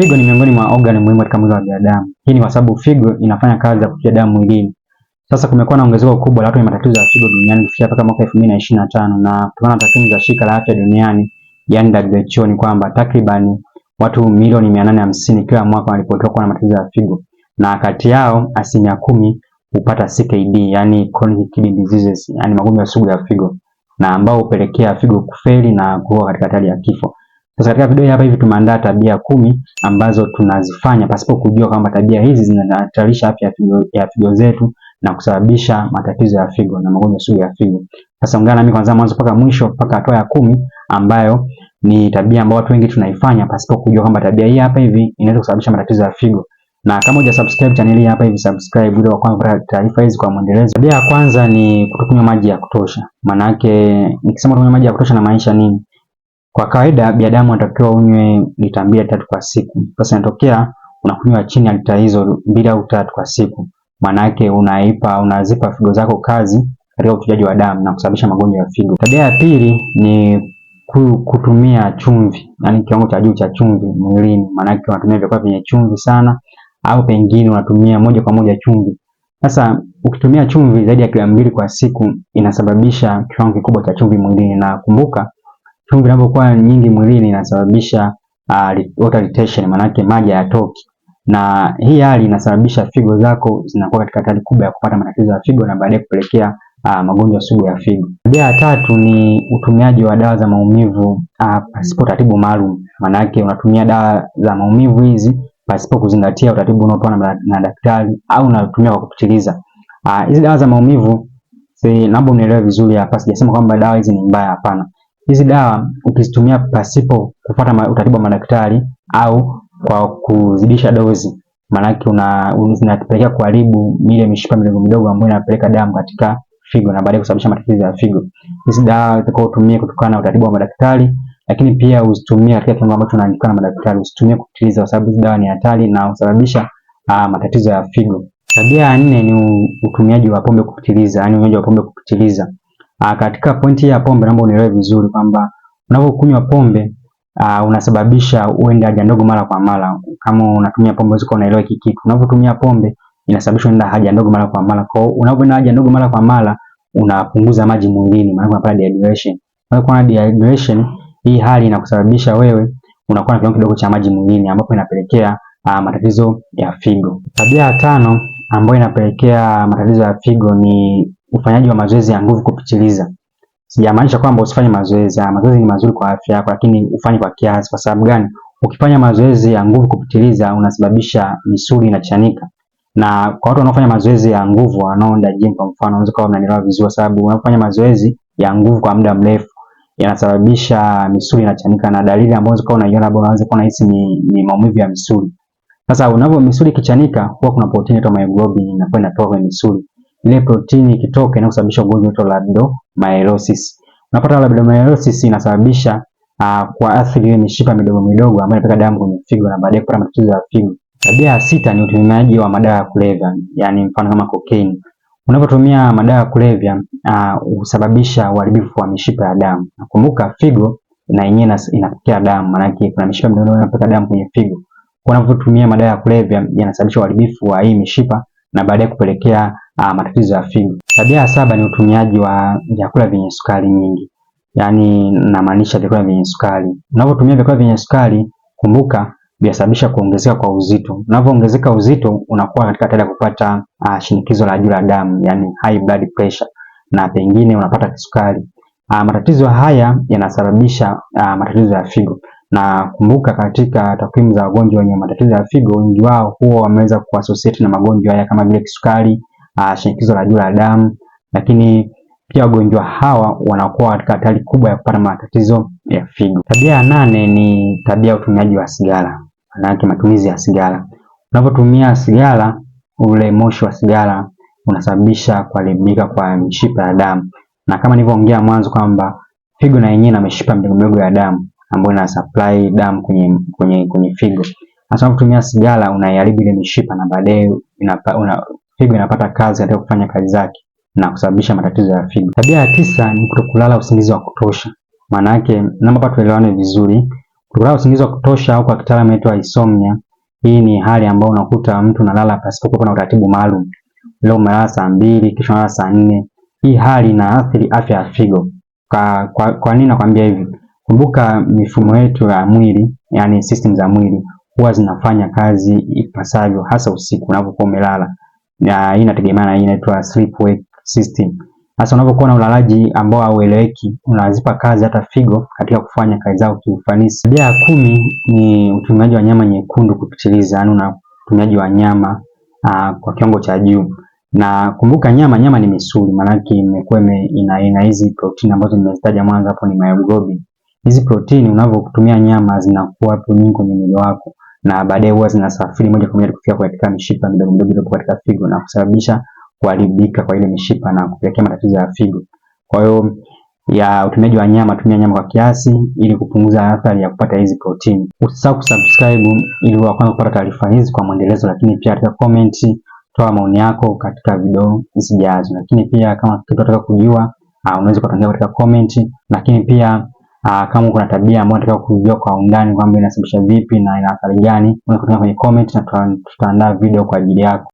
Figo ni miongoni mwa organ muhimu katika mwili wa binadamu. Hii ni kwa sababu figo inafanya kazi ya kutia damu mwilini. Sasa kumekuwa na ongezeko kubwa la watu wenye matatizo ya figo duniani kufikia mpaka mwaka 2025 na kutokana na takwimu za shirika la afya duniani yani WHO ni kwamba takriban watu milioni 850 kila mwaka wanaripotiwa kuwa na matatizo ya figo na kati yao asilimia kumi hupata CKD yani chronic kidney diseases yani magonjwa sugu ya figo na ambao hupelekea figo kufeli na kuwa katika hatari ya kifo. Sasa katika video hapa hivi tumeandaa tabia kumi ambazo tunazifanya pasipo kujua kwamba tabia hizi zinahatarisha afya ya figo ya figo zetu na kusababisha matatizo ya figo na magonjwa sugu ya figo. Sasa ungana nami kwanza mwanzo mpaka mwisho mpaka hatua ya kumi ambayo ni tabia ambayo watu wengi tunaifanya pasipo kujua kwamba tabia hii hapa hivi inaweza kusababisha matatizo ya figo. Na kama uja subscribe channel hii hapa hivi subscribe ili uanze kupata taarifa hizi kwa mwendelezo. Tabia ya kwanza ni kutokunywa maji ya kutosha. Maana yake nikisema kutokunywa maji ya kutosha na maanisha nini? Kwa kawaida binadamu anatakiwa unywe lita mbili tatu kwa siku. Sasa inatokea unakunywa chini ya lita hizo mbili au tatu kwa siku, maana unaipa unazipa figo zako kazi katika uchujaji wa damu na kusababisha magonjwa ya figo. Tabia ya pili ni kutumia chumvi, yani kiwango cha juu cha chumvi mwilini, maana unatumia vyakula vyenye chumvi sana, au pengine unatumia moja kwa moja chumvi. Sasa ukitumia chumvi zaidi ya gramu mbili kwa siku inasababisha kiwango kikubwa cha chumvi mwilini, na kumbuka chumvi inapokuwa nyingi mwilini inasababisha uh, water retention, maanake maji hayatoki, na hii hali inasababisha figo zako zinakuwa katika hatari kubwa ya kupata matatizo ya figo na baadaye kupelekea uh, magonjwa sugu ya figo. Tabia ya tatu ni utumiaji wa dawa za maumivu uh, pasipo taratibu maalum, maanake unatumia dawa za maumivu hizi pasipo kuzingatia utaratibu unaopewa na, na daktari au unatumia kwa kupitiliza. Hizi uh, dawa za maumivu, si, naomba unielewe vizuri hapa, sijasema kwamba dawa hizi ni mbaya, hapana. Hizi dawa ukizitumia pasipo kufuata utaratibu wa madaktari au kwa kuzidisha dozi, maanake zinapelekea kuharibu ile mishipa midogo midogo ambayo inapeleka damu katika figo na baadaye kusababisha matatizo ya figo. Hizi dawa utakuwa utumie kutokana na utaratibu wa madaktari, lakini pia usitumie katika kiwango ambacho tunaandikiwa na madaktari. Usitumie kupitiliza, kwa sababu hizi dawa ni hatari na husababisha ah, matatizo ya figo. Tabia ya nne ni utumiaji wa pombe kupitiliza, yani unywaji wa pombe kupitiliza. Uh, katika pointi ya pombe naomba unielewe vizuri kwamba unapokunywa pombe uh, unasababisha uende haja ndogo mara kwa mara. Kama unatumia pombe usiko unaelewa hiki kitu. Unapotumia pombe inasababisha uende haja ndogo mara kwa mara. Kwa hiyo unapoenda haja ndogo mara kwa mara unapunguza maji mwilini, maana unapata dehydration. Unapokuwa na dehydration, hii hali inakusababisha wewe unakuwa na kiwango kidogo cha maji mwilini ambapo inapelekea uh, matatizo ya figo. Tabia ya tano ambayo inapelekea matatizo ya figo ni ufanyaji wa mazoezi ya nguvu kupitiliza. Sijamaanisha kwamba usifanye mazoezi. Ah, mazoezi ni mazuri kwa afya yako, lakini ufanye kwa kiasi. Kwa sababu gani? Ukifanya mazoezi ya nguvu kupitiliza, unasababisha misuli inachanika. Na kwa watu wanaofanya mazoezi ya nguvu, wanaoenda gym kwa mfano, unaweza kuwa unanielewa vizuri, sababu unapofanya mazoezi ya nguvu kwa muda mrefu yanasababisha misuli inachanika, na dalili ambazo unaweza kuwa unaiona labda unaweza kuwa unahisi ni, ni maumivu ya misuli. Sasa unapo misuli kichanika, huwa kuna protini inaitwa myoglobin inakuwa inatoka kwenye misuli ile protini ikitoka na kusababisha ugonjwa wa rhabdomyolysis. Unapata rhabdomyolysis inasababisha uh, kwa athiri ile mishipa midogo midogo ambayo inapeleka damu kwenye figo na baadaye kupata matatizo ya figo. Tabia ya sita ni utumiaji wa madawa ya kulevya, yani mfano kama cocaine. Unapotumia madawa ya kulevya ah, husababisha uh, uharibifu wa mishipa ya damu. Nakumbuka figo na yenyewe inapokea damu, maana yake kuna mishipa midogo inapeleka damu kwenye figo. Unapotumia madawa ya kulevya yanasababisha uharibifu wa hii mishipa na baadaye kupelekea uh, matatizo ya figo. Tabia ya saba ni utumiaji wa vyakula vyenye sukari nyingi, yaani namaanisha vyakula vyenye sukari. Unapotumia vyakula vyenye sukari, kumbuka vyasababisha kuongezeka kwa uzito. Unavyoongezeka uzito, unakuwa katika hatari ya kupata uh, shinikizo la juu la damu, yani high blood pressure, na pengine unapata kisukari. Uh, matatizo haya yanasababisha uh, matatizo ya figo na kumbuka, katika takwimu za wagonjwa wenye matatizo ya figo, wengi wao huwa wameweza kuassociate na magonjwa haya kama vile kisukari uh, shinikizo la juu la damu, lakini pia wagonjwa hawa wanakuwa katika hatari kubwa ya kupata matatizo ya figo. Tabia ya nane ni tabia ya utumiaji wa sigara, maana yake matumizi ya sigara. Unapotumia sigara, ule moshi wa sigara unasababisha kuharibika kwa mishipa ya damu, na kama nilivyoongea mwanzo kwamba figo na yenyewe na mishipa midogo midogo ya damu ambayo ina supply damu kwenye kwenye kwenye figo. Hasa unapotumia sigara unaiharibu ile mishipa na baadaye figo inapata kazi katika kufanya kazi zake na kusababisha matatizo ya figo. Tabia ya tisa ni kutokulala usingizi wa kutosha. Maana yake namba hapa tuelewane vizuri, kutokulala usingizi wa kutosha au kwa kitaalamu inaitwa insomnia. Hii ni hali ambayo unakuta mtu analala pasipo kuwa na utaratibu maalum. Leo umelala saa mbili, kesho unalala saa nne. Hii hali inaathiri afya ya figo. Kwa, kwa, kwa nini nakwambia hivi? Kumbuka mifumo yetu ya mwili, yani system za mwili huwa zinafanya kazi ipasavyo, hasa usiku unapokuwa umelala hii inategemeana, hii inaitwa sleep wake system. Sasa unapokuwa na ulalaji ambao haueleweki, unazipa kazi hata figo katika kufanya kazi zao kiufanisi. Tabia ya kumi ni utumiaji wa nyama nyekundu kupitiliza, yaani una utumiaji wa nyama aa, ah, kwa kiwango cha juu. Na kumbuka nyama nyama ni misuli, maanake imekuwa ina ina hizi protini ambazo nimezitaja mwanzo hapo, ni myoglobin. Hizi protini unavyotumia nyama zinakuwa hapo nyingi kwenye mwili wako na baadaye huwa zinasafiri moja kwa moja kufika katika mishipa midogo midogo iliyokuwa katika figo na kusababisha kuharibika kwa ile mishipa na kupelekea matatizo ya figo. Kwa hiyo ya utumiaji wa nyama, tumia nyama kwa kiasi ili kupunguza athari ya kupata hizi protini. Usisahau kusubscribe ili uwe wa kwanza kupata taarifa hizi kwa mwendelezo, lakini pia katika comment toa maoni yako katika video zijazo, lakini pia kama kitu unataka kujua ah, unaweza kutangia katika comment, lakini pia Aa, ah, kama kuna tabia ambayo nataka kujua kwa undani kwamba inasababisha vipi na ina athari gani, unaweza kuandika kwenye comment na tutaandaa video kwa ajili yako.